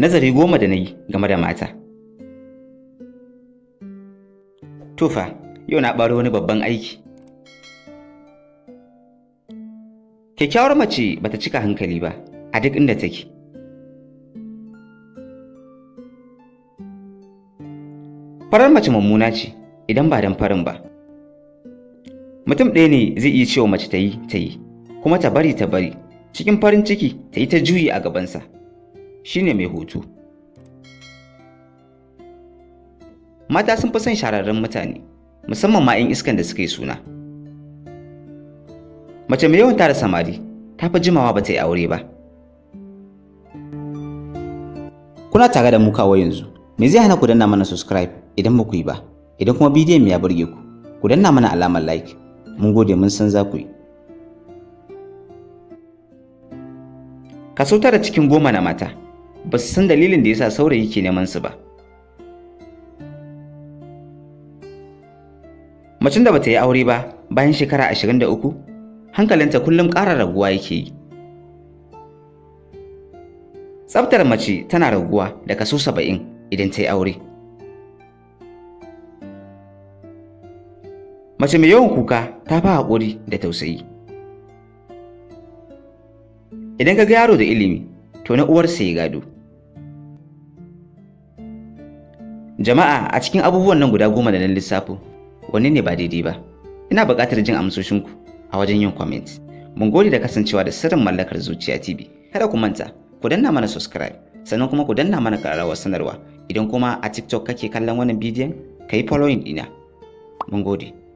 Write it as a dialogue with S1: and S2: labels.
S1: nazari goma da na yi game da mata. Tufa, yau na ɓaro wani babban aiki. Kyakkyawar mace bata cika hankali ba a duk inda take. Farar mace mummuna ce idan ba don farin ba. Mutum ɗaya ne zai iya cewa mace ta yi ta yi, kuma ta bari ta bari, cikin farin ciki ta yi ta juyi a gabansa. Shi ne mai hutu. mata sun fi son shahararren mutane musamman ma 'yan iskan da suka yi suna mace mai yawan tara samari ta fi jimawa ba ta yi aure ba kuna tare da mu kawo yanzu me zai hana ku danna mana subscribe idan ba yi ba idan kuma bidiyon ya burge ku ku danna mana alamar like mun gode mun san za ku yi kaso tara cikin goma na mata ba su san dalilin da ya sa saurayi ke neman su ba macin da bata yi aure ba bayan shekara ashirin da 23 hankalinta kullum ƙara raguwa yake yi tsaftar mace tana raguwa da kaso 70 idan ta yi aure mace mai yawan kuka ta fi haƙuri da tausayi idan ka ga yaro da ilimi to na uwarsa ya gado jama'a a cikin abubuwan nan guda goma da nan lissafo wanne ne ba daidai ba ina buƙatar jin amsoshinku a wajen yin comment mun gode da kasancewa da sirrin mallakar zuciya tv kada ku manta ku danna mana subscribe sannan kuma ku danna mana ƙararrawar sanarwa idan kuma a tiktok kake kallon wannan bidiyon ka yi following ɗina mun gode